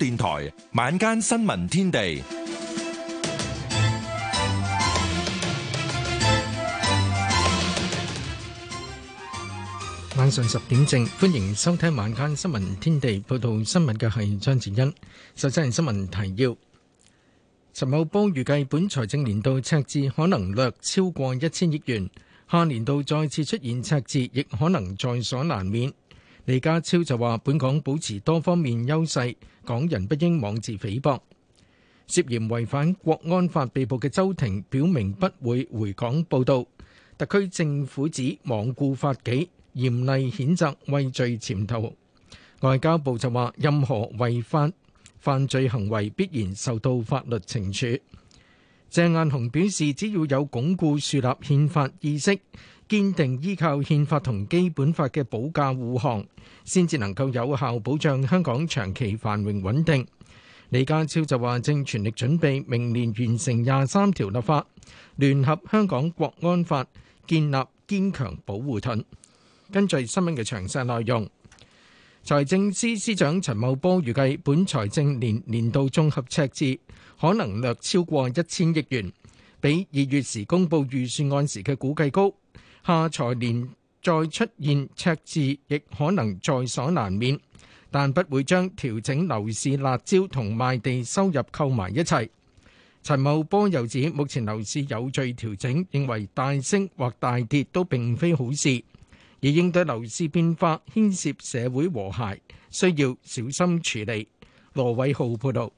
電台晚間新聞天地，晚上十點正，歡迎收聽晚間新聞天地。報道新聞嘅係張子欣，首先係新聞提要。陳茂波預計本財政年度赤字可能略超過一千億元，下年度再次出現赤字亦可能在所難免。李家超就話：本港保持多方面優勢，港人不應妄自菲薄。涉嫌違反國安法被捕嘅周庭，表明不會回港報道。特區政府指罔顧法紀，嚴厲譴責畏罪潛逃。外交部就話：任何違法犯罪行為必然受到法律懲處。鄭雁雄表示，只要有鞏固樹立憲法意識，堅定依靠憲法同基本法嘅保駕護航，先至能夠有效保障香港長期繁榮穩定。李家超就話：正全力準備明年完成廿三條立法，聯合香港國安法，建立堅強保護盾。根據新聞嘅詳細內容，財政司司長陳茂波預計本財政年年度綜合赤字可能略超過一千億元，比二月時公佈預算案時嘅估計高。下財年再出現赤字，亦可能在所難免，但不會將調整樓市辣招同賣地收入扣埋一齊。陳茂波又指，目前樓市有序調整，認為大升或大跌都並非好事，而應對樓市變化牽涉社會和諧，需要小心處理。羅偉浩報道。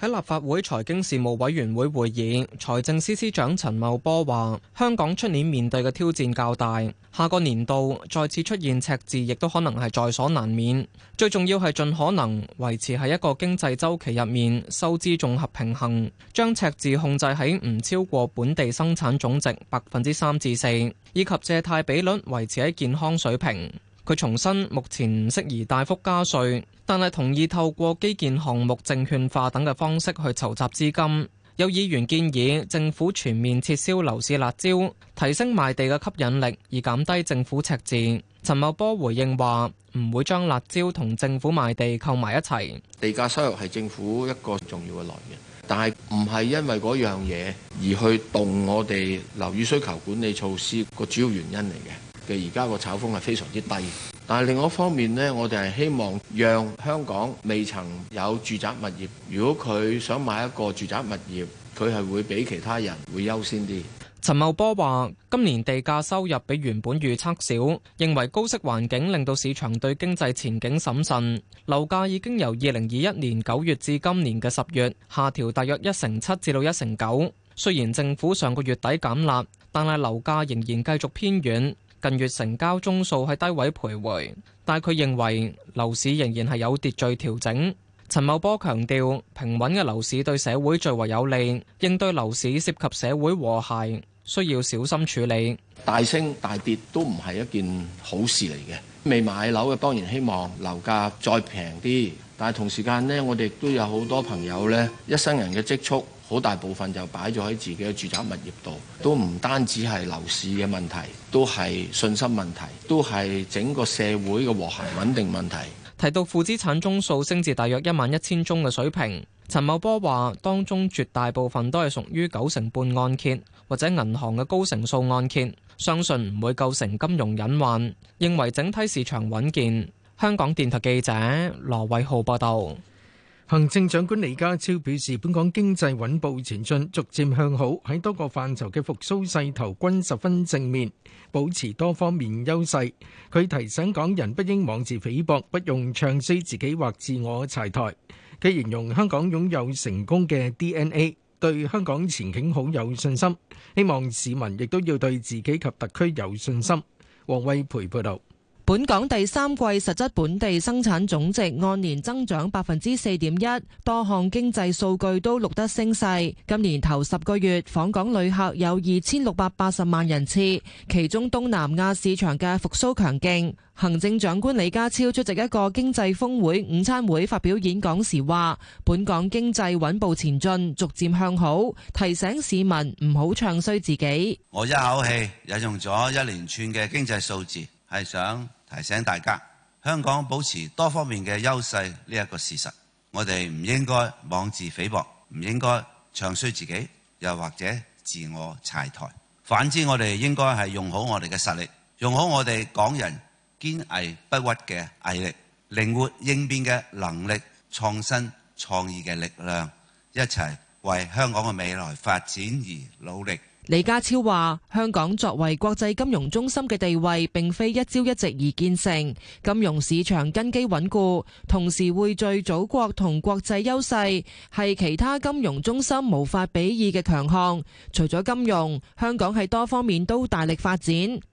喺立法會財經事務委員會會議，財政司司長陳茂波話：香港出年面對嘅挑戰較大，下個年度再次出現赤字，亦都可能係在所難免。最重要係盡可能維持喺一個經濟周期入面收支綜合平衡，將赤字控制喺唔超過本地生產總值百分之三至四，以及借貸比率維持喺健康水平。佢重申目前唔適宜大幅加稅。但係同意透過基建項目證券化等嘅方式去籌集資金。有議員建議政府全面撤銷樓市辣招，提升賣地嘅吸引力，而減低政府赤字。陳茂波回應話：唔會將辣招同政府賣地扣埋一齊。地價收入係政府一個重要嘅來源，但係唔係因為嗰樣嘢而去動我哋樓宇需求管理措施個主要原因嚟嘅。其實而家個炒風係非常之低。但另一方面呢，我哋係希望讓香港未曾有住宅物業，如果佢想買一個住宅物業，佢係會比其他人會優先啲。陳茂波話，今年地價收入比原本預測少，認為高息環境令到市場對經濟前景審慎。樓價已經由二零二一年九月至今年嘅十月下調大約一成七至到一成九。雖然政府上個月底減辣，但係樓價仍然繼續偏軟。近月成交宗數喺低位徘徊，但佢認為樓市仍然係有秩序調整。陳茂波強調，平穩嘅樓市對社會最為有利，應對樓市涉及社會和諧，需要小心處理。大升大跌都唔係一件好事嚟嘅。未買樓嘅當然希望樓價再平啲，但係同時間呢，我哋都有好多朋友呢，一生人嘅積蓄好大部分就擺咗喺自己嘅住宅物業度，都唔單止係樓市嘅問題，都係信心問題，都係整個社會嘅和諧穩定問題。提到負資產宗數升至大約一萬一千宗嘅水平，陳茂波話：當中絕大部分都係屬於九成半按揭。或者銀行嘅高成數按揭，相信唔會構成金融隱患，認為整體市場穩健。香港電台記者羅偉浩報導，行政長官李家超表示，本港經濟穩步前進，逐漸向好，喺多個範疇嘅復甦勢頭均十分正面，保持多方面優勢。佢提醒港人不應妄自菲薄，不用唱衰自己或自我柴台。佢形容香港擁有成功嘅 DNA。對香港前景好有信心，希望市民亦都要對自己及特區有信心。王惠培報導。本港第三季實質本地生產總值按年增長百分之四點一，多項經濟數據都錄得升勢。今年頭十個月訪港旅客有二千六百八十萬人次，其中東南亞市場嘅復蘇強勁。行政長官李家超出席一個經濟峰會午餐會發表演講時話，本港經濟穩步前進，逐漸向好，提醒市民唔好唱衰自己。我一口氣引用咗一連串嘅經濟數字，係想。提醒大家，香港保持多方面嘅優勢呢一個事實，我哋唔應該妄自菲薄，唔應該唱衰自己，又或者自我拆台。反之，我哋應該係用好我哋嘅實力，用好我哋港人堅毅不屈嘅毅力、靈活應變嘅能力、創新創意嘅力量，一齊為香港嘅未來發展而努力。李家超話：香港作為國際金融中心嘅地位，並非一朝一夕而建成。金融市場根基穩固，同時匯聚祖國同國際優勢，係其他金融中心無法比擬嘅強項。除咗金融，香港喺多方面都大力發展。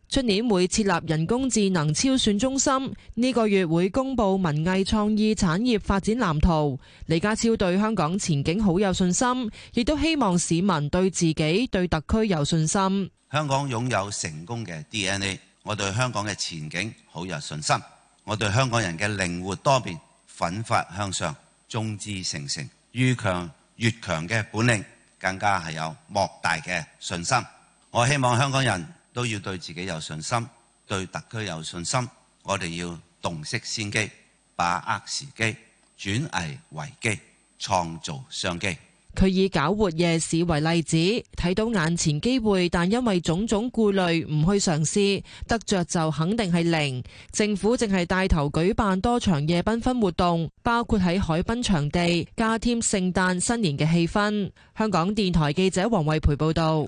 出年會設立人工智能超算中心，呢個月會公布文藝創意產業發展藍圖。李家超對香港前景好有信心，亦都希望市民對自己、對特區有信心。香港擁有成功嘅 DNA，我對香港嘅前景好有信心。我對香港人嘅靈活多變、奮發向上、眾志成城、愈強愈強嘅本領，更加係有莫大嘅信心。我希望香港人，都要對自己有信心，對特區有信心。我哋要洞悉先機，把握時機，轉危為機，創造商機。佢以搞活夜市為例子，睇到眼前機會，但因為種種顧慮，唔去嘗試，得着就肯定係零。政府淨係帶頭舉辦多場夜繽紛活動，包括喺海濱場地加添聖誕新年嘅氣氛。香港電台記者黃慧培報道。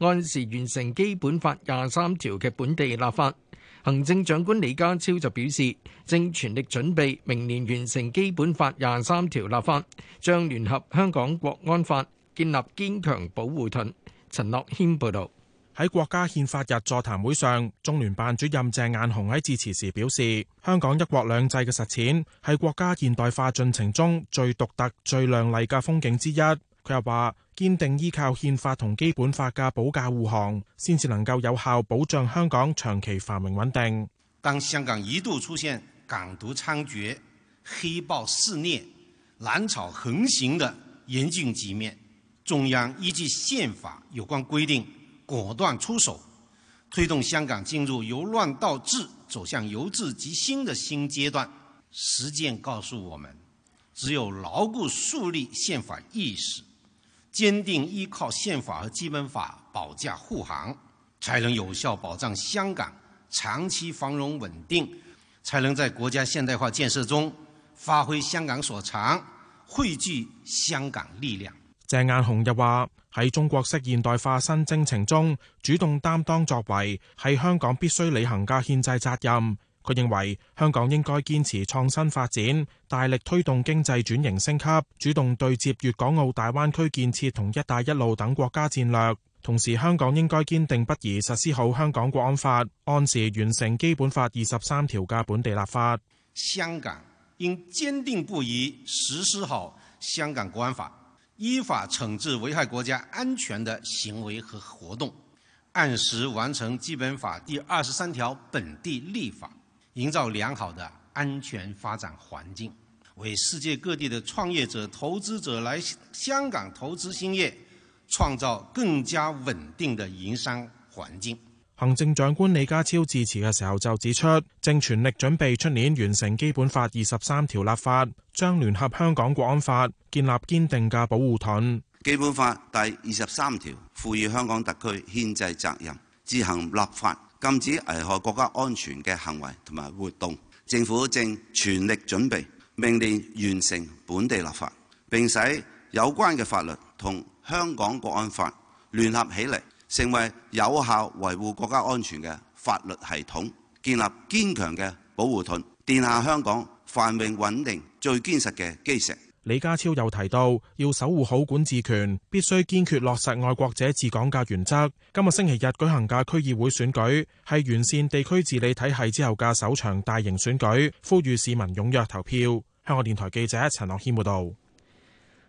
按時完成基本法廿三條嘅本地立法，行政長官李家超就表示，正全力準備明年完成基本法廿三條立法，將聯合香港國安法，建立堅強保護盾。陳樂謙報道。喺國家憲法日座談會上，中聯辦主任鄭雁雄喺致辭時表示，香港一國兩制嘅實踐，係國家現代化進程中最獨特、最亮麗嘅風景之一。佢又話。堅定依靠憲法同基本法嘅保駕護航，先至能夠有效保障香港長期繁榮穩定。當香港一度出現港獨猖獗、黑暴肆虐、攬炒橫行的嚴峻局面，中央依據憲法有關規定，果斷出手，推動香港進入由亂到治、走向由治及新的新階段。實踐告訴我們，只有牢固樹立憲法意識。堅定依靠憲法和基本法保駕護航，才能有效保障香港長期繁榮穩定，才能在國家現代化建設中發揮香港所長，匯聚香港力量。鄭雁雄又話，喺中國式現代化新征程中，主動擔當作為係香港必須履行嘅憲制責任。佢認為香港應該堅持創新發展，大力推動經濟轉型升級，主動對接粵港澳大灣區建設同一帶一路等國家戰略。同時，香港應該堅定不移實施好香港國安法，按時完成基本法二十三條嘅本地立法。香港應堅定不移實施好香港國安法，依法懲治危害國家安全的行為和活動，按時完成基本法第二十三條本地立法。營造良好的安全發展環境，為世界各地的創業者、投資者來香港投資興業，創造更加穩定的營商環境。行政長官李家超致辭嘅時候就指出，正全力準備出年完成基本法二十三條立法，將聯合香港國安法，建立堅定嘅保護盾。基本法第二十三條賦予香港特區憲制責任，自行立法。禁止危害國家安全嘅行為同埋活動，政府正全力準備明年完成本地立法，並使有關嘅法律同香港國安法聯合起嚟，成為有效維護國家安全嘅法律系統，建立堅強嘅保護盾，奠下香港繁榮穩定最堅實嘅基石。李家超又提到，要守護好管治權，必須堅決落實愛國者治港嘅原則。今日星期日舉行嘅區議會選舉，係完善地區治理體系之後嘅首場大型選舉，呼籲市民踊躍投票。香港電台記者陳樂謙報道。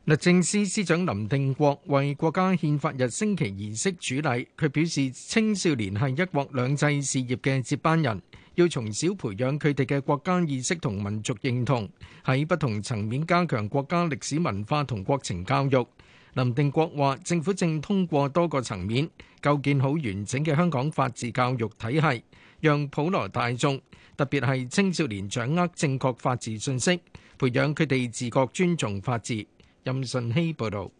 律政司司長林定國為國家憲法日升旗儀式主禮，佢表示，青少年係一國兩制事業嘅接班人。要從小培養佢哋嘅國家意識同民族認同，喺不同層面加強國家歷史文化同國情教育。林定國話：政府正通過多個層面構建好完整嘅香港法治教育體系，讓普羅大眾特別係青少年掌握正確法治信息，培養佢哋自覺尊重法治。任信希報道。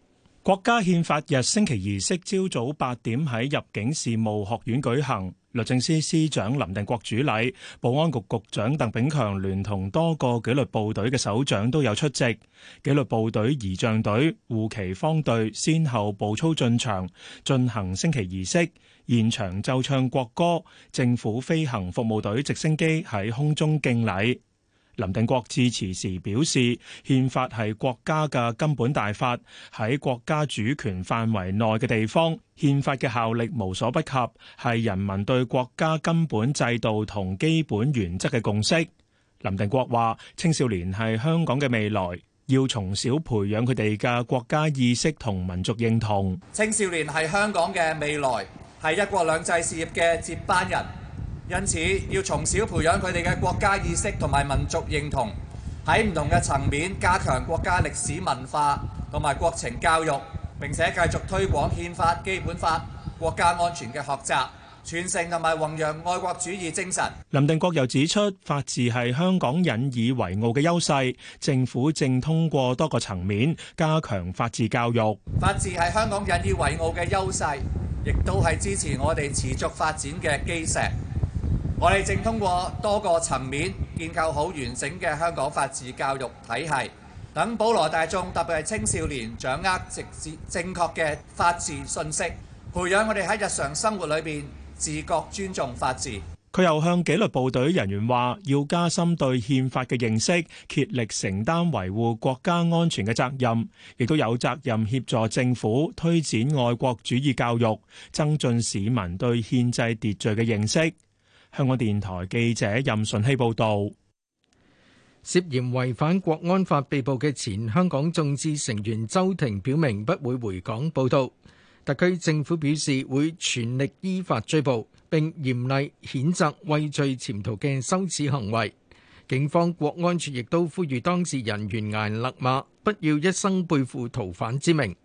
國家憲法日升旗儀式，朝早八點喺入境事務學院舉行，律政司司長林定國主禮，保安局局長鄧炳強聯同多個紀律部隊嘅首長都有出席，紀律部隊儀仗隊、護旗方隊先後步操進場，進行升旗儀式，現場奏唱國歌，政府飛行服務隊直升機喺空中敬禮。林定國致辭時表示，憲法係國家嘅根本大法，喺國家主權範圍內嘅地方，憲法嘅效力無所不及，係人民對國家根本制度同基本原則嘅共識。林定國話，青少年係香港嘅未來，要從小培養佢哋嘅國家意識同民族認同。青少年係香港嘅未來，係一國兩制事業嘅接班人。因此要從小培養佢哋嘅國家意識同埋民族認同，喺唔同嘅層面加強國家歷史文化同埋國情教育，並且繼續推廣憲法基本法、國家安全嘅學習，傳承同埋弘揚愛國主義精神。林定國又指出，法治係香港引以為傲嘅優勢，政府正通過多個層面加強法治教育。法治係香港引以為傲嘅優勢，亦都係支持我哋持續發展嘅基石。我哋正通過多個層面建構好完整嘅香港法治教育體系，等普羅大眾特別係青少年掌握直接正確嘅法治信息，培養我哋喺日常生活裏邊自覺尊重法治。佢又向紀律部隊人員話：要加深對憲法嘅認識，竭力承擔維護國家安全嘅責任，亦都有責任協助政府推展愛國主義教育，增進市民對憲制秩序嘅認識。香港電台記者任順希報道，涉嫌違反國安法被捕嘅前香港眾志成員周庭表明不會回港報道。特區政府表示會全力依法追捕，並嚴厲譴責畏罪潛逃嘅羞恥行為。警方國安處亦都呼籲當事人懸崖勒馬，不要一生背負逃犯之名。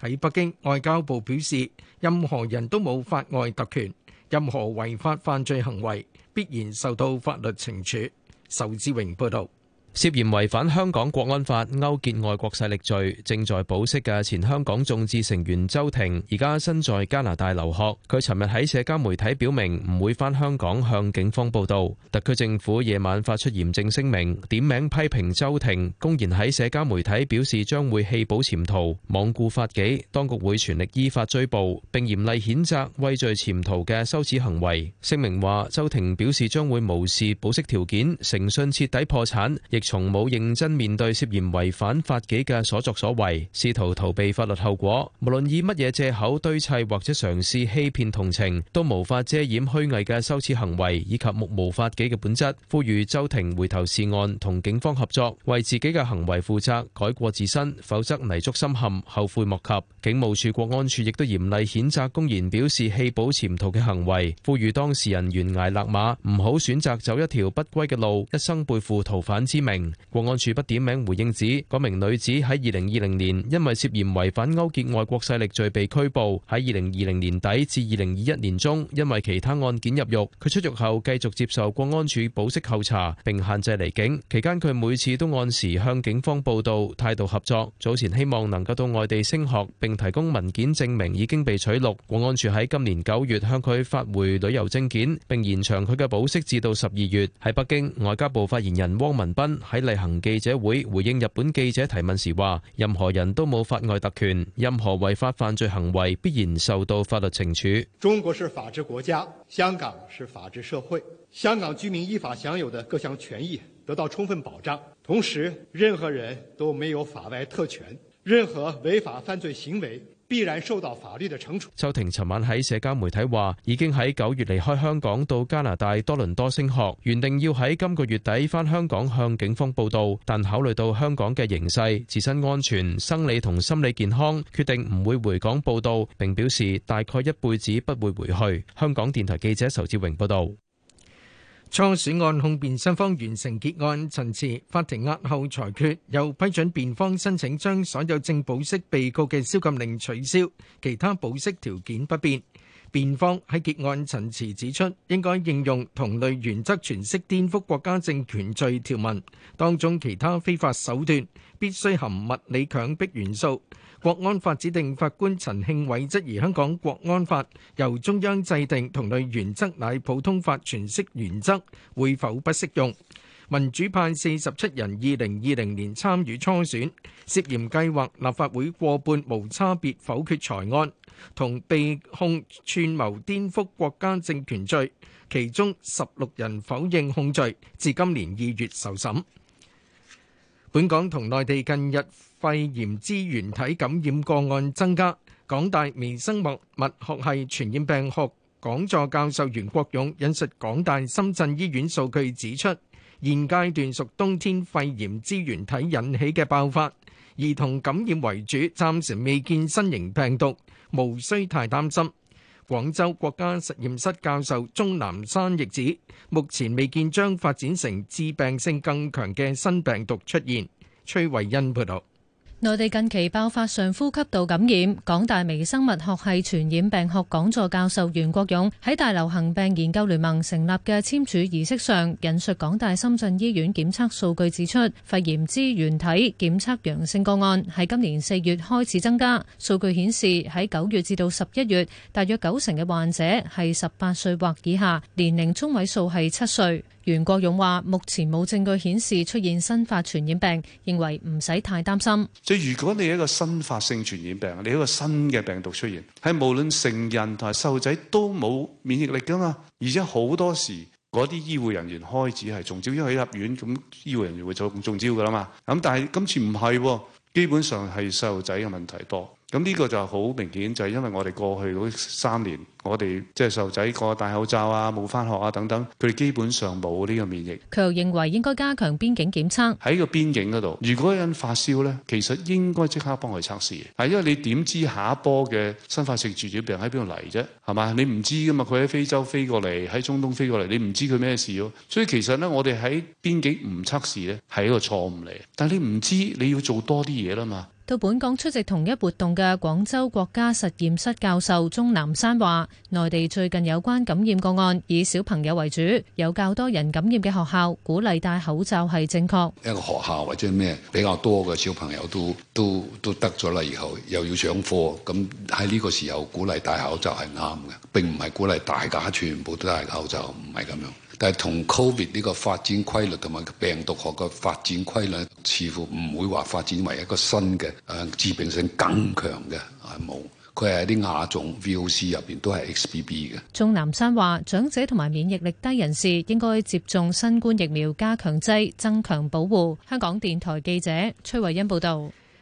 喺北京，外交部表示任何人都冇法外特權。任何違法犯罪行為必然受到法律懲處。仇志榮報道。涉嫌違反香港國安法勾結外國勢力罪，正在保釋嘅前香港眾志成員周庭，而家身在加拿大留學。佢尋日喺社交媒體表明唔會返香港向警方報到。特區政府夜晚發出嚴正聲明，點名批評周庭公然喺社交媒體表示將會棄保潛逃，罔顧法紀，當局會全力依法追捕，並嚴厲譴責畏罪潛逃嘅羞恥行為。聲明話，周庭表示將會無視保釋條件，誠信徹底破產，亦。從冇認真面對涉嫌違反法紀嘅所作所為，試圖逃避法律後果，無論以乜嘢借口堆砌或者嘗試欺騙同情，都無法遮掩虛偽嘅羞恥行為以及目無法紀嘅本質。呼籲周庭回頭是岸，同警方合作，為自己嘅行為負責，改過自身，否則泥足深陷，後悔莫及。警務處國安處亦都嚴厲譴責公然表示棄保潛逃嘅行為，呼籲當事人懸崖勒馬，唔好選擇走一條不歸嘅路，一生背負逃犯之名。國安處不點名回應指，嗰名女子喺二零二零年因為涉嫌違反勾結外國勢力罪被拘捕，喺二零二零年底至二零二一年中因為其他案件入獄。佢出獄後繼續接受國安處保釋候查，並限制離境。期間佢每次都按時向警方報到，態度合作。早前希望能夠到外地升學，並提供文件證明已經被取錄。國安處喺今年九月向佢發回旅遊證件，並延長佢嘅保釋至到十二月。喺北京，外交部發言人汪文斌，喺例行記者會回應日本記者提問時話：任何人都冇法外特權，任何違法犯罪行為必然受到法律懲處。中國是法治國家，香港是法治社會，香港居民依法享有的各項權益得到充分保障，同時任何人都沒有法外特權，任何違法犯罪行為。必然受到法律的懲處。周庭尋晚喺社交媒體話，已經喺九月離開香港到加拿大多倫多升學，原定要喺今個月底翻香港向警方報到，但考慮到香港嘅形勢、自身安全、生理同心理健康，決定唔會回港報到，並表示大概一輩子不會回去。香港電台記者仇志榮報道。初選案控辯雙方完成結案陳詞，法庭押後裁決，又批准辯方申請將所有正保釋被告嘅宵禁令取消，其他保釋條件不變。辯方喺結案陳詞指出，應該應用同類原則詮釋顛覆國家政權罪條文當中其他非法手段，必須含物理強迫元素。國安法指定法官陳慶偉質疑香港國安法由中央制定，同類原則乃普通法詮釋原則，會否不適用？民主派四十七人，二零二零年參與初選，涉嫌計劃立法會過半無差別否決財案，同被控串謀顛覆國家政權罪，其中十六人否認控罪，至今年二月受審。本港同內地近日肺炎支原體感染個案增加，港大微生物物學系傳染病學講座教授袁國勇引述港大深圳醫院數據指出，現階段屬冬天肺炎支原體引起嘅爆發，兒童感染為主，暫時未見新型病毒，無需太擔心。廣州國家實驗室教授鍾南山亦指，目前未見將發展成致病性更強嘅新病毒出現。崔慧欣報導。內地近期爆發上呼吸道感染，港大微生物學系傳染病學講座教授袁國勇喺大流行病研究聯盟成立嘅簽署儀式上引述港大深圳醫院檢測數據指出，肺炎支原體檢測陽性個案喺今年四月開始增加。數據顯示喺九月至到十一月，大約九成嘅患者係十八歲或以下，年齡中位數係七歲。袁國勇話：目前冇證據顯示出現新發傳染病，認為唔使太擔心。如果你係一個新發性傳染病，你係一個新嘅病毒出現，係無論成人同埋細路仔都冇免疫力㗎嘛，而且好多時嗰啲醫護人員開始係中招，因為入院，咁醫護人員會中招㗎嘛。咁但係今次唔係，基本上係細路仔嘅問題多。咁呢個就好明顯，就係、是、因為我哋過去嗰三年，我哋即係細路仔個戴口罩啊、冇翻學啊等等，佢哋基本上冇呢個免疫力。佢又認為應該加強邊境檢測，喺個邊境嗰度，如果有人發燒咧，其實應該即刻幫佢測試嘅，係因為你點知下一波嘅新發性傳染病喺邊度嚟啫？係嘛？你唔知噶嘛？佢喺非洲飛過嚟，喺中東飛過嚟，你唔知佢咩事咯。所以其實咧，我哋喺邊境唔測試咧，係一個錯誤嚟。但係你唔知，你要做多啲嘢啦嘛。到本港出席同一活動嘅廣州國家實驗室教授鍾南山話，內地最近有關感染個案以小朋友為主，有較多人感染嘅學校，鼓勵戴口罩係正確。一個學校或者咩比較多嘅小朋友都都都得咗啦，以後又要上課，咁喺呢個時候鼓勵戴口罩係啱嘅，並唔係鼓勵大家全部都戴口罩，唔係咁樣。但係同 Covid 呢個發展規律同埋病毒學嘅發展規律，似乎唔會話發展為一個新嘅誒致病性更強嘅，係、啊、冇。佢係啲亞種 VOC 入邊都係 XBB 嘅。鍾南山話：長者同埋免疫力低人士應該接種新冠疫苗加強劑，增強保護。香港電台記者崔慧欣報道。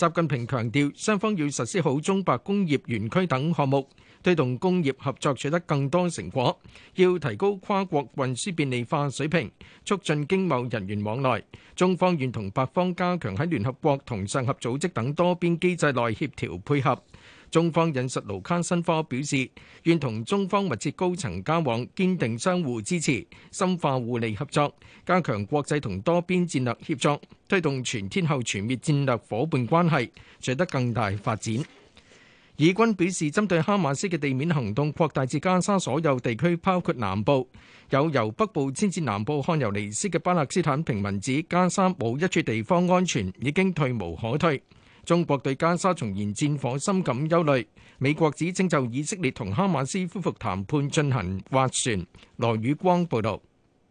習近平強調，雙方要實施好中白工業園區等項目，推動工業合作取得更多成果；要提高跨國運輸便利化水平，促進經貿人員往來。中方願同白方加強喺聯合國同上合組織等多邊機制內協調配合。中方引述盧卡申科表示，願同中方密切高層交往，堅定相互支持，深化互利合作，加強國際同多邊戰略協作，推動全天候全面戰略伙伴關係取得更大發展。以軍表示，針對哈馬斯嘅地面行動擴大至加沙所有地區，包括南部，有由，由北部遷至南部汗尤尼斯嘅巴勒斯坦平民指，加沙冇一處地方安全，已經退無可退。中國對加沙重燃戰火深感憂慮，美國指稱就以色列同哈馬斯恢復談判進行斡旋。羅宇光報導。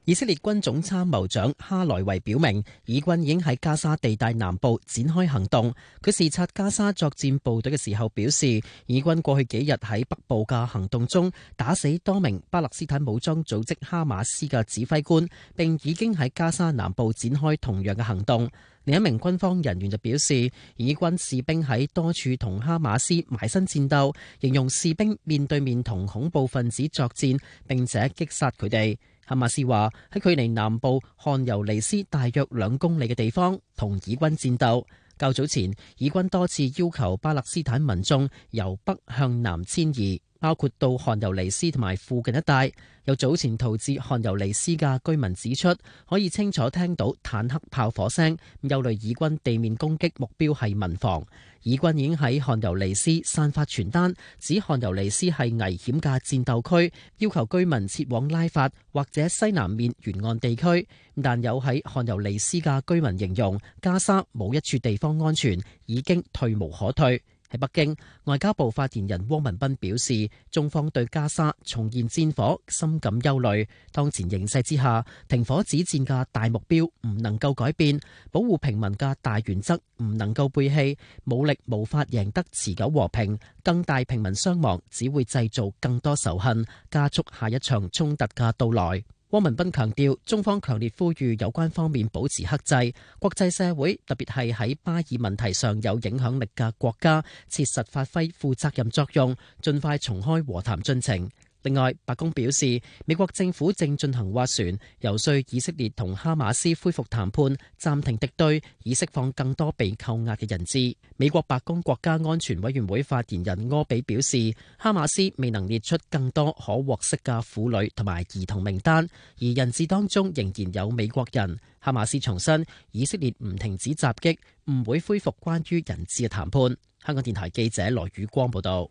以色列軍總參謀長哈萊維表明，以軍已經喺加沙地帶南部展開行動。佢視察加沙作戰部隊嘅時候表示，以軍過去幾日喺北部嘅行動中打死多名巴勒斯坦武裝組織哈馬斯嘅指揮官，並已經喺加沙南部展開同樣嘅行動。另一名軍方人員就表示，以軍士兵喺多處同哈馬斯埋身戰鬥，形容士兵面對面同恐怖分子作戰，並且擊殺佢哋。哈馬斯話喺距離南部漢尤尼斯大約兩公里嘅地方同以軍戰鬥。較早前，以軍多次要求巴勒斯坦民眾由北向南遷移。包括到汗尤尼斯同埋附近一帶，有早前逃至汗尤尼斯嘅居民指出，可以清楚聽到坦克炮火聲，憂慮以軍地面攻擊目標係民房。以軍已經喺汗尤尼斯散發傳單，指汗尤尼斯係危險嘅戰鬥區，要求居民撤往拉法或者西南面沿岸地區。但有喺汗尤尼斯嘅居民形容，加沙冇一處地方安全，已經退無可退。喺北京，外交部發言人汪文斌表示，中方對加沙重現戰火深感憂慮。當前形勢之下，停火止戰嘅大目標唔能夠改變，保護平民嘅大原則唔能夠背棄。武力無法贏得持久和平，更大平民傷亡只會製造更多仇恨，加速下一場衝突嘅到來。汪文斌強調，中方強烈呼籲有關方面保持克制，國際社會，特別係喺巴以問題上有影響力嘅國家，切實發揮負責任作用，盡快重開和談進程。另外，白宮表示，美國政府正進行斡旋，游說以色列同哈馬斯恢復談判、暫停敵對、以釋放更多被扣押嘅人質。美國白宮國家安全委員會發言人柯比表示，哈馬斯未能列出更多可獲釋嘅婦女同埋兒童名單，而人質當中仍然有美國人。哈馬斯重申，以色列唔停止襲擊，唔會恢復關於人質嘅談判。香港電台記者羅宇光報道。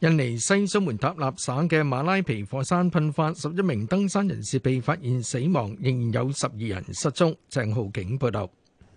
印尼西蘇門答臘省嘅馬拉皮火山噴發，十一名登山人士被發現死亡，仍然有十二人失蹤。鄭浩景報道。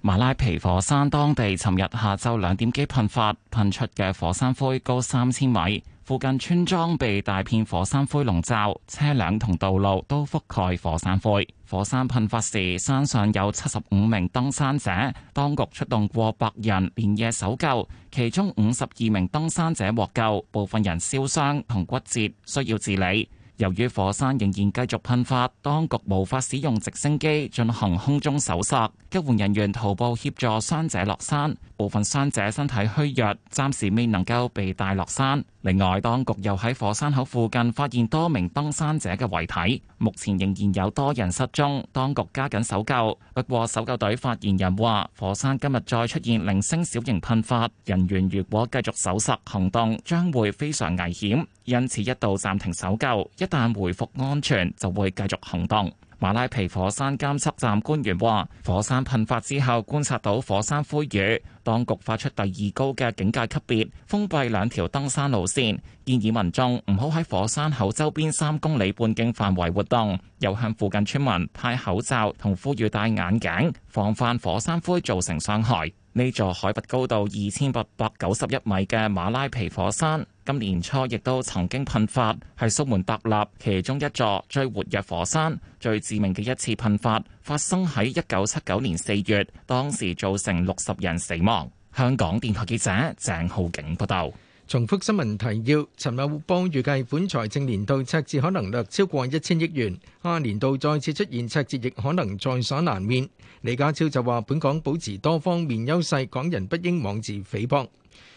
馬拉皮火山當地尋日下晝兩點幾噴發，噴出嘅火山灰高三千米，附近村莊被大片火山灰籠罩，車輛同道路都覆蓋火山灰。火山噴發時，山上有七十五名登山者，當局出動過百人連夜搜救，其中五十二名登山者獲救，部分人燒傷同骨折，需要治理。由於火山仍然繼續噴發，當局無法使用直升機進行空中搜索。救援人員徒步協助傷者落山。部分傷者身體虛弱，暫時未能夠被帶落山。另外，當局又喺火山口附近發現多名登山者嘅遺體。目前仍然有多人失蹤，當局加緊搜救。不過搜救隊發言人話，火山今日再出現零星小型噴發，人員如果繼續搜尋行動，將會非常危險，因此一度暫停搜救。一旦回復安全，就會繼續行動。馬拉皮火山監測站官員話，火山噴發之後觀察到火山灰雨，當局發出第二高嘅警戒級別，封閉兩條登山路線，建議民眾唔好喺火山口周邊三公里半徑範圍活動，又向附近村民派口罩同呼籲戴眼鏡，防範火山灰造成傷害。呢座海拔高度二千八百九十一米嘅馬拉皮火山，今年初亦都曾經噴發，係蘇門答臘其中一座最活躍火山。最致命嘅一次噴發，發生喺一九七九年四月，當時造成六十人死亡。香港電台記者鄭浩景報道。重複新聞提要：陳茂波預計本財政年度赤字可能略超過一千億元，下年度再次出現赤字亦可能在所難免。李家超就話：本港保持多方面優勢，港人不應妄自菲薄。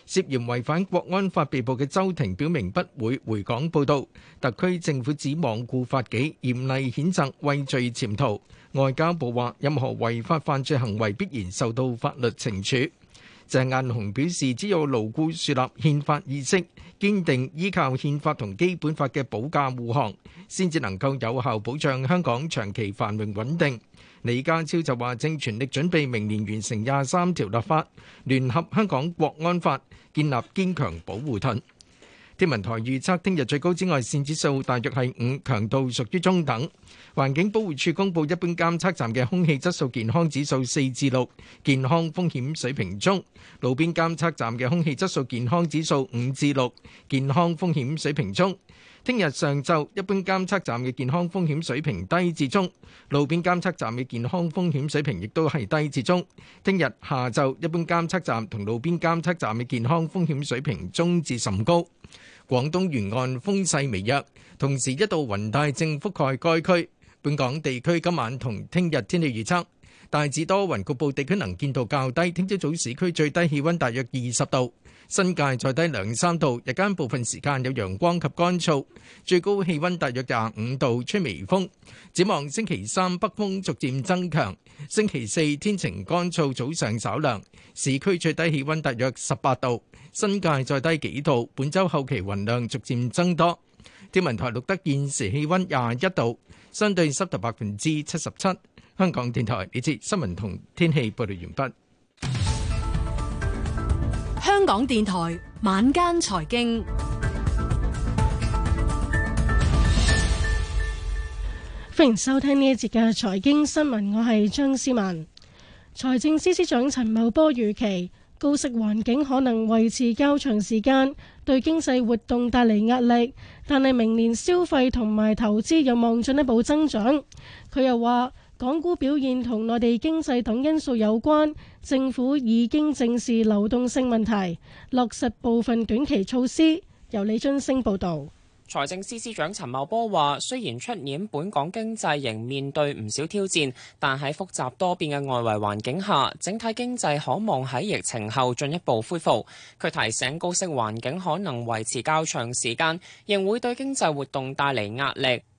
涉嫌違反國安法被捕嘅周庭表明不會回港報道，特區政府只罔顧法紀，嚴厲譴責畏罪潛逃。外交部話：任何違法犯罪行為必然受到法律懲處。鄭雁雄表示，只有牢固樹立憲法意識，堅定依靠憲法同基本法嘅保駕護航，先至能夠有效保障香港長期繁榮穩定。李家超就話，正全力準備明年完成廿三條立法，聯合香港國安法，建立堅強保護盾。天文台預測，聽日最高紫外線指數大約係五，強度屬於中等。環境保護署公布，一般監測站嘅空氣質素健康指數四至六，健康風險水平中；路邊監測站嘅空氣質素健康指數五至六，健康風險水平中。聽日上晝，一般監測站嘅健康風險水平低至中；路邊監測站嘅健康風險水平亦都係低至中。聽日下晝，一般監測站同路邊監測站嘅健康風險水平中至甚高。廣東沿岸風勢微弱，同時一道雲帶正覆蓋該區。本港地區今晚同聽日天氣預測大致多雲，局部地區能見度較低。聽朝早市區最低氣温大約二十度。新界再低兩三度，日間部分時間有陽光及乾燥，最高氣温大約廿五度，吹微風。展望星期三北風逐漸增強，星期四天晴乾燥，早上稍涼，市區最低氣温大約十八度，新界再低幾度。本週後期雲量逐漸增多。天文台錄得現時氣温廿一度，相對濕度百分之七十七。香港電台李志新聞同天氣報道完畢。香港電台晚間財經，歡迎收聽呢一節嘅財經新聞。我係張思文，財政司司長陳茂波預期高息環境可能維持較長時間，對經濟活動帶嚟壓力。但係明年消費同埋投資有望進一步增長。佢又話。港股表現同內地經濟等因素有關，政府已經正視流動性問題，落實部分短期措施。由李俊升報導。財政司司長陳茂波話：雖然出年本港經濟仍面對唔少挑戰，但喺複雜多變嘅外圍環境下，整體經濟可望喺疫情後進一步恢復。佢提醒，高息環境可能維持較長時間，仍會對經濟活動帶嚟壓力。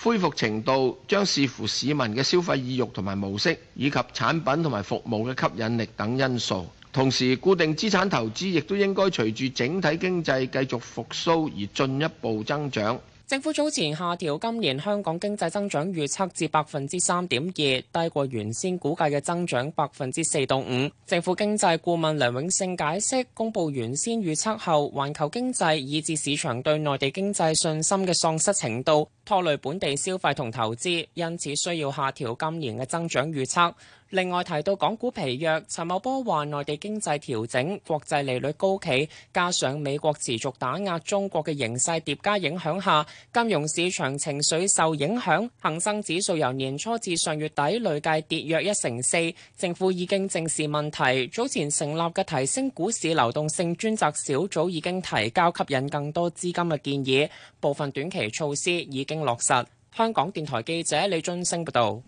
恢復程度將視乎市民嘅消費意欲同埋模式，以及產品同埋服務嘅吸引力等因素。同時，固定資產投資亦都應該隨住整體經濟繼續復甦而進一步增長。政府早前下調今年香港經濟增長預測至百分之三點二，低過原先估計嘅增長百分之四到五。政府經濟顧問梁永勝解釋，公布原先預測後，環球經濟以至市場對內地經濟信心嘅喪失程度拖累本地消費同投資，因此需要下調今年嘅增長預測。另外提到港股疲弱，陳茂波話內地經濟調整，國際利率高企，加上美國持續打壓中國嘅形勢疊加影響下，金融市場情緒受影響，恒生指數由年初至上月底累計跌約一成四。政府已經正視問題，早前成立嘅提升股市流動性專責小組已經提交吸引更多資金嘅建議，部分短期措施已經落實，香港電台記者李俊升報道。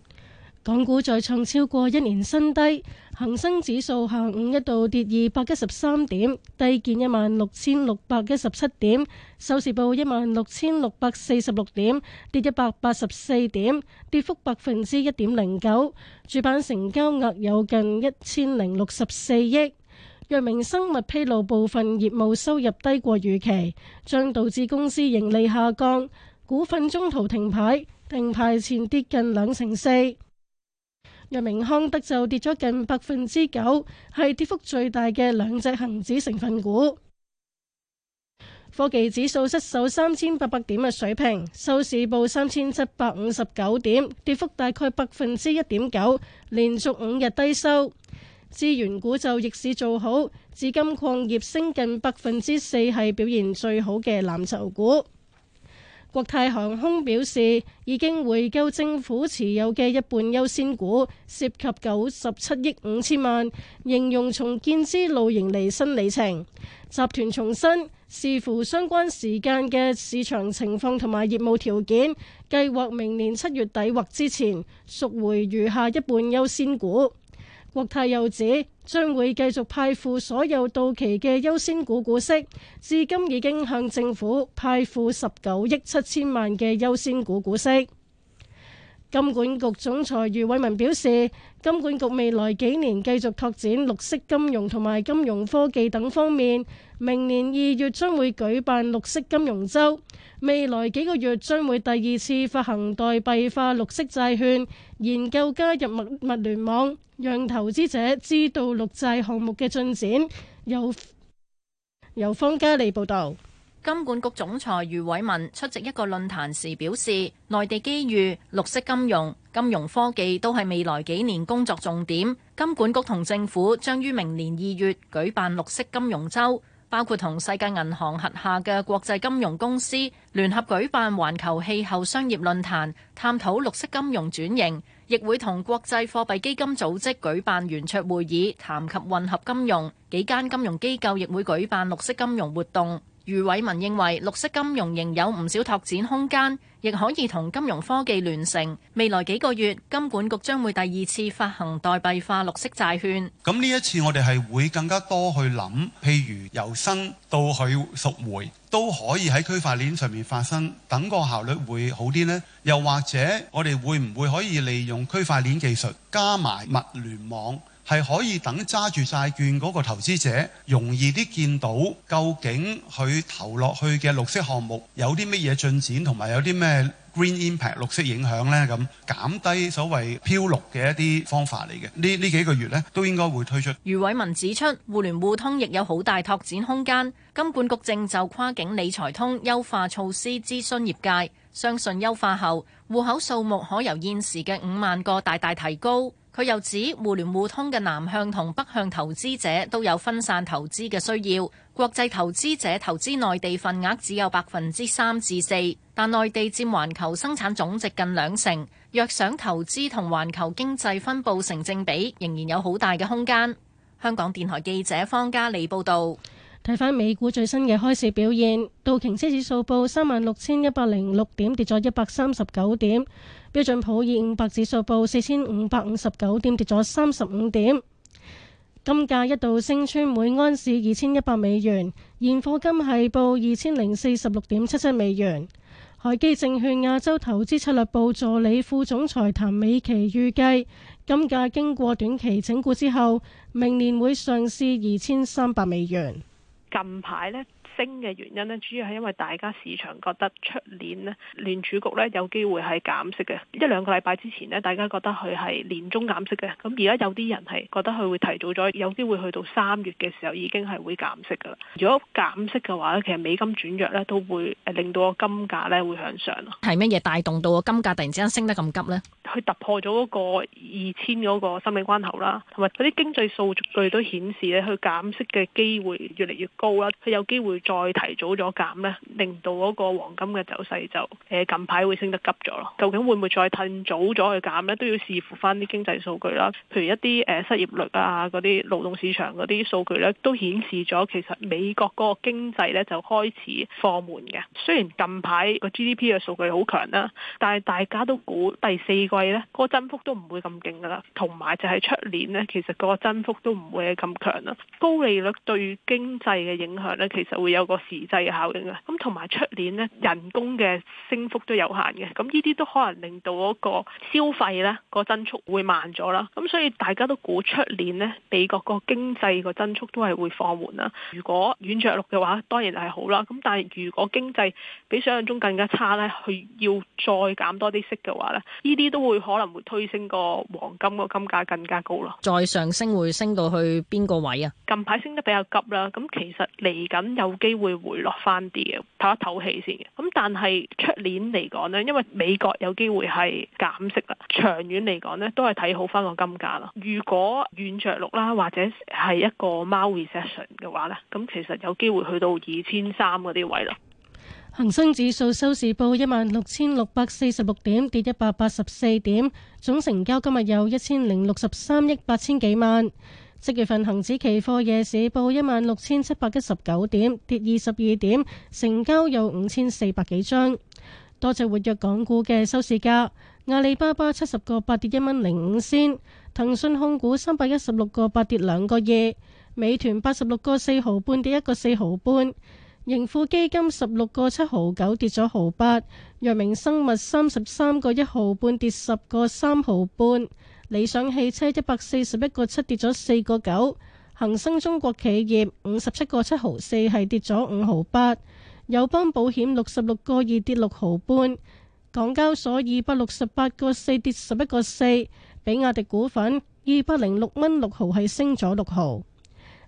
港股再創超過一年新低，恒生指數下午一度跌二百一十三點，低見一萬六千六百一十七點，收市報一萬六千六百四十六點，跌一百八十四點，跌幅百分之一點零九。主板成交額有近一千零六十四億。藥明生物披露部分業務收入低過預期，將導致公司盈利下降，股份中途停牌，停牌前跌近兩成四。藥明康德就跌咗近百分之九，係跌幅最大嘅兩隻恒指成分股。科技指數失守三千八百點嘅水平，收市報三千七百五十九點，跌幅大概百分之一點九，連續五日低收。資源股就逆市做好，紫金礦業升近百分之四，係表現最好嘅藍籌股。國泰航空表示，已經回購政府持有嘅一半優先股，涉及九十七億五千萬，形容重建之路迎來新里程。集團重申，視乎相關時間嘅市場情況同埋業務條件，計劃明年七月底或之前贖回餘下一半優先股。國泰又指將會繼續派付所有到期嘅優先股股息，至今已經向政府派付十九億七千萬嘅優先股股息。金管局總裁余偉文表示，金管局未來幾年繼續拓展綠色金融同埋金融科技等方面，明年二月將會舉辦綠色金融周，未來幾個月將會第二次發行代幣化綠色債券，研究加入物物聯網，讓投資者知道綠債項目嘅進展。由由方嘉利報道，金管局總裁余偉文出席一個論壇時表示，內地機遇、綠色金融、金融科技都係未來幾年工作重點。金管局同政府將於明年二月舉辦綠色金融周。包括同世界銀行轄下嘅國際金融公司聯合舉辦環球氣候商業論壇，探討綠色金融轉型；亦會同國際貨幣基金組織舉辦圓桌會議，談及混合金融。幾間金融機構亦會舉辦綠色金融活動。余偉文認為，綠色金融仍有唔少拓展空間。亦可以同金融科技聯成。未來幾個月，金管局將會第二次發行代幣化綠色債券。咁呢一次，我哋係會更加多去諗，譬如由生到去贖回都可以喺區塊鏈上面發生，等個效率會好啲咧。又或者，我哋會唔會可以利用區塊鏈技術加埋物聯網？係可以等揸住債券嗰個投資者容易啲見到，究竟佢投落去嘅綠色項目有啲乜嘢進展，同埋有啲咩 green impact 綠色影響呢咁，減低所謂漂綠嘅一啲方法嚟嘅。呢呢幾個月呢，都應該會推出。余偉文指出，互聯互通亦有好大拓展空間。金管局正就跨境理財通優化措施諮詢業界，相信優化後，戶口數目可由現時嘅五萬個大大提高。佢又指互聯互通嘅南向同北向投資者都有分散投資嘅需要，國際投資者投資內地份額只有百分之三至四，但內地佔環球生產總值近兩成。若想投資同環球經濟分佈成正比，仍然有好大嘅空間。香港電台記者方嘉利報導。睇翻美股最新嘅開市表現，道瓊斯指數報三萬六千一百零六點，跌咗一百三十九點。標準普爾五百指數報四千五百五十九點，跌咗三十五點。金價一度升穿每安士二千一百美元，現貨金係報二千零四十六點七七美元。海基證券亞洲投資策略部助理副總裁譚美琪預計，金價經過短期整固之後，明年會上試二千三百美元。近排呢，升嘅原因咧，主要係因為大家市場覺得出年呢聯儲局咧有機會係減息嘅。一兩個禮拜之前呢，大家覺得佢係年終減息嘅。咁而家有啲人係覺得佢會提早咗，有機會去到三月嘅時候已經係會減息噶啦。如果減息嘅話咧，其實美金轉弱咧都會誒令到個金價咧會向上咯。係乜嘢帶動到個金價突然之間升得咁急咧？佢突破咗嗰個二千嗰個心理關口啦，同埋嗰啲經濟數據都顯示咧，佢減息嘅機會越嚟越高啦。佢有機會。再提早咗減呢，令到嗰個黃金嘅走勢就誒近排會升得急咗咯。究竟會唔會再提早咗去減呢？都要視乎翻啲經濟數據啦。譬如一啲誒失業率啊，嗰啲勞動市場嗰啲數據呢，都顯示咗其實美國嗰個經濟呢就開始放緩嘅。雖然近排個 GDP 嘅數據好強啦，但係大家都估第四季呢嗰個增幅都唔會咁勁噶啦。同埋就係出年呢，其實嗰個增幅都唔會咁強啦。高利率對經濟嘅影響呢，其實會。有個時滯嘅效應啦，咁同埋出年呢，人工嘅升幅都有限嘅，咁呢啲都可能令到嗰個消費呢個增速會慢咗啦，咁所以大家都估出年呢美國個經濟個增速都係會放緩啦。如果軟着陸嘅話，當然係好啦，咁但係如果經濟比想象中更加差呢，佢要再減多啲息嘅話呢，呢啲都會可能會推升個黃金個金價更加高咯。再上升會升到去邊個位啊？近排升得比較急啦，咁其實嚟緊有。機會回落翻啲嘅，唞一唞氣先嘅。咁但係出年嚟講咧，因為美國有機會係減息啦，長遠嚟講咧都係睇好翻個金價咯。如果軟着陸啦，或者係一個貓 recession 嘅話呢，咁其實有機會去到二千三嗰啲位啦。恒生指數收市報一萬六千六百四十六點，跌一百八十四點，總成交今日有一千零六十三億八千幾萬。七月份恒指期貨夜市報一萬六千七百一十九點，跌二十二點，成交有五千四百幾張。多隻活躍港股嘅收市價：阿里巴巴七十個八跌一蚊零五仙，騰訊控股三百一十六個八跌兩個二，美團八十六個四毫半跌一個四毫半，盈富基金十六個七毫九跌咗毫八，藥明生物三十三個一毫半跌十個三毫半。理想汽車一百四十一個七跌咗四個九，恒生中國企業五十七個七毫四，係跌咗五毫八。友邦保險六十六個二跌六毫半，港交所二百六十八個四跌十一個四。比亞迪股份二百零六蚊六毫係升咗六毫。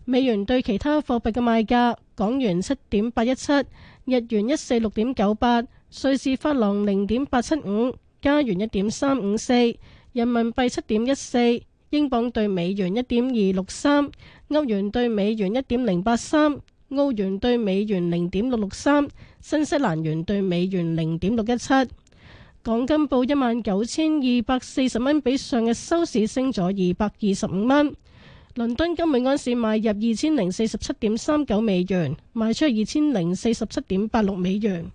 美元對其他貨幣嘅賣價：港元七點八一七，日元一四六點九八，瑞士法郎零點八七五，加元一點三五四。人民幣七點一四，英鎊兌美元一點二六三，歐元兌美元一點零八三，澳元兌美元零點六六三，新西蘭元兌美元零點六一七。港金報一萬九千二百四十蚊，比上日收市升咗二百二十五蚊。倫敦金尾安市買入二千零四十七點三九美元，賣出二千零四十七點八六美元。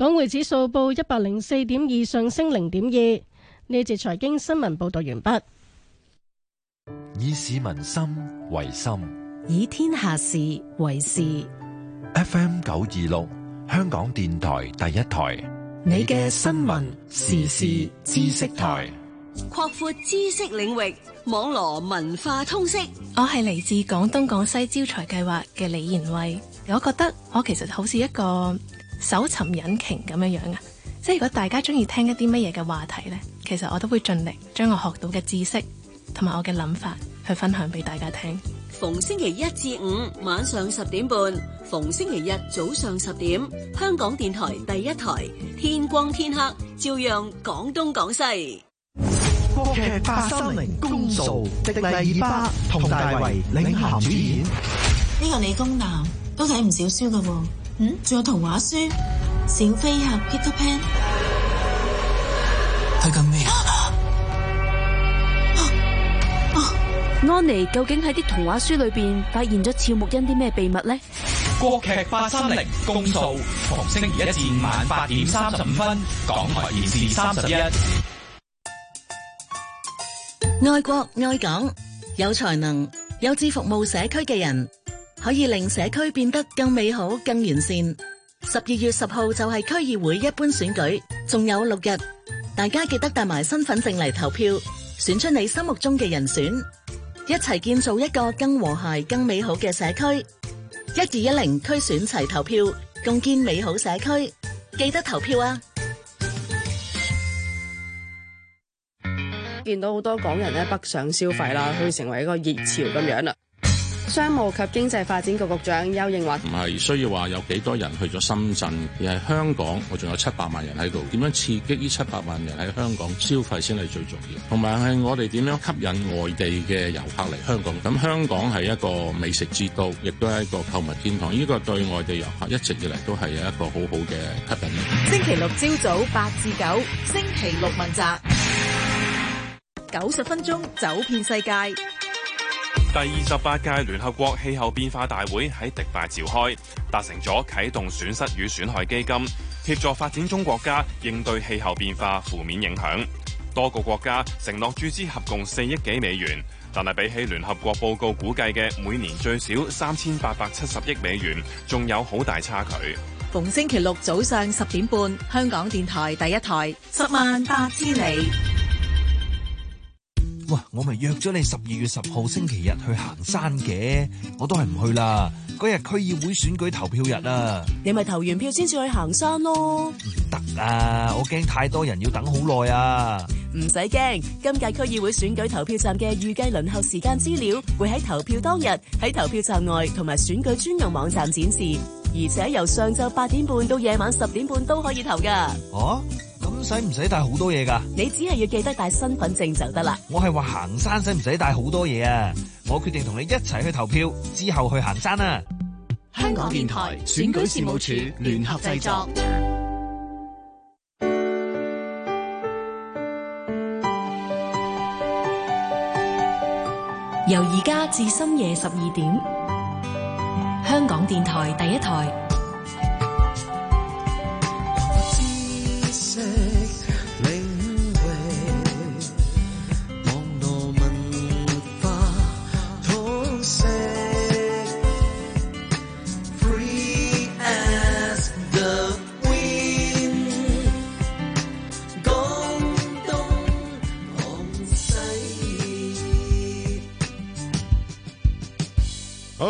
港匯指數報一百零四點二，上升零點二。呢節財經新聞報道完畢。以市民心為心，以天下事為事。F M 九二六，香港電台第一台，你嘅新聞時事知識台，擴闊知識領域，網羅文化通識。我係嚟自廣東廣西招財計劃嘅李賢慧，我覺得我其實好似一個。搜尋引擎咁樣樣啊！即係如果大家中意聽一啲乜嘢嘅話題咧，其實我都會盡力將我學到嘅知識同埋我嘅諗法去分享俾大家聽。逢星期一至五晚上十點半，逢星期日早上十點，香港電台第一台，天光天黑，照樣講東講西。國劇八三零，公造迪麗熱巴同大為領銜主演。呢個李公南都睇唔少書噶喎。嗯，仲有童話書《小飛俠》Peter Pan，睇緊咩啊？安妮究竟喺啲童話書裏邊發現咗趙木欣啲咩秘密呢？國劇八三零公訴，逢星期一至五晚八點三十五分，港台電視三十一，愛國愛港，有才能，有志服務社區嘅人可以令社區變得更美好、更完善。十二月十號就係區議會一般選舉，仲有六日，大家記得帶埋身份證嚟投票，選出你心目中嘅人選，一齊建造一個更和諧、更美好嘅社區。一二一零區選齊投票，共建美好社區，記得投票啊！見到好多港人咧北上消費啦，佢成為一個熱潮咁樣啦。商務及經濟發展局局長丘應樺，唔係需要話有幾多人去咗深圳，而係香港，我仲有七百萬人喺度。點樣刺激呢七百萬人喺香港消費先係最重要，同埋係我哋點樣吸引外地嘅遊客嚟香港？咁香港係一個美食之都，亦都係一個購物天堂。呢個對外地遊客一直以嚟都係有一個好好嘅吸引。星期六朝早八至九，星期六問責九十分鐘，走遍世界。第二十八屆聯合國氣候變化大會喺迪拜召開，達成咗啟動損失與損害基金，協助發展中國家應對氣候變化負面影響。多個國家承諾注資合共四億幾美元，但係比起聯合國報告估計嘅每年最少三千八百七十億美元，仲有好大差距。逢星期六早上十點半，香港電台第一台，十萬八千里。哇，我咪約咗你十二月十號星期日去行山嘅，我都係唔去啦。嗰日區議會選舉投票日啊，你咪投完票先至去行山咯。唔得啊，我驚太多人要等好耐啊。唔使驚，今屆區議會選舉投票站嘅預計輪候時間資料會喺投票當日喺投票站外同埋選舉專用網站展示，而且由上晝八點半到夜晚十點半都可以投㗎。哦、啊。使唔使帶好多嘢噶？你只係要記得帶身份證就得啦。我係話行山使唔使帶好多嘢啊？我決定同你一齊去投票，之後去行山啊！香港電台選舉事務處聯合製作，由而家至深夜十二點，香港電台第一台。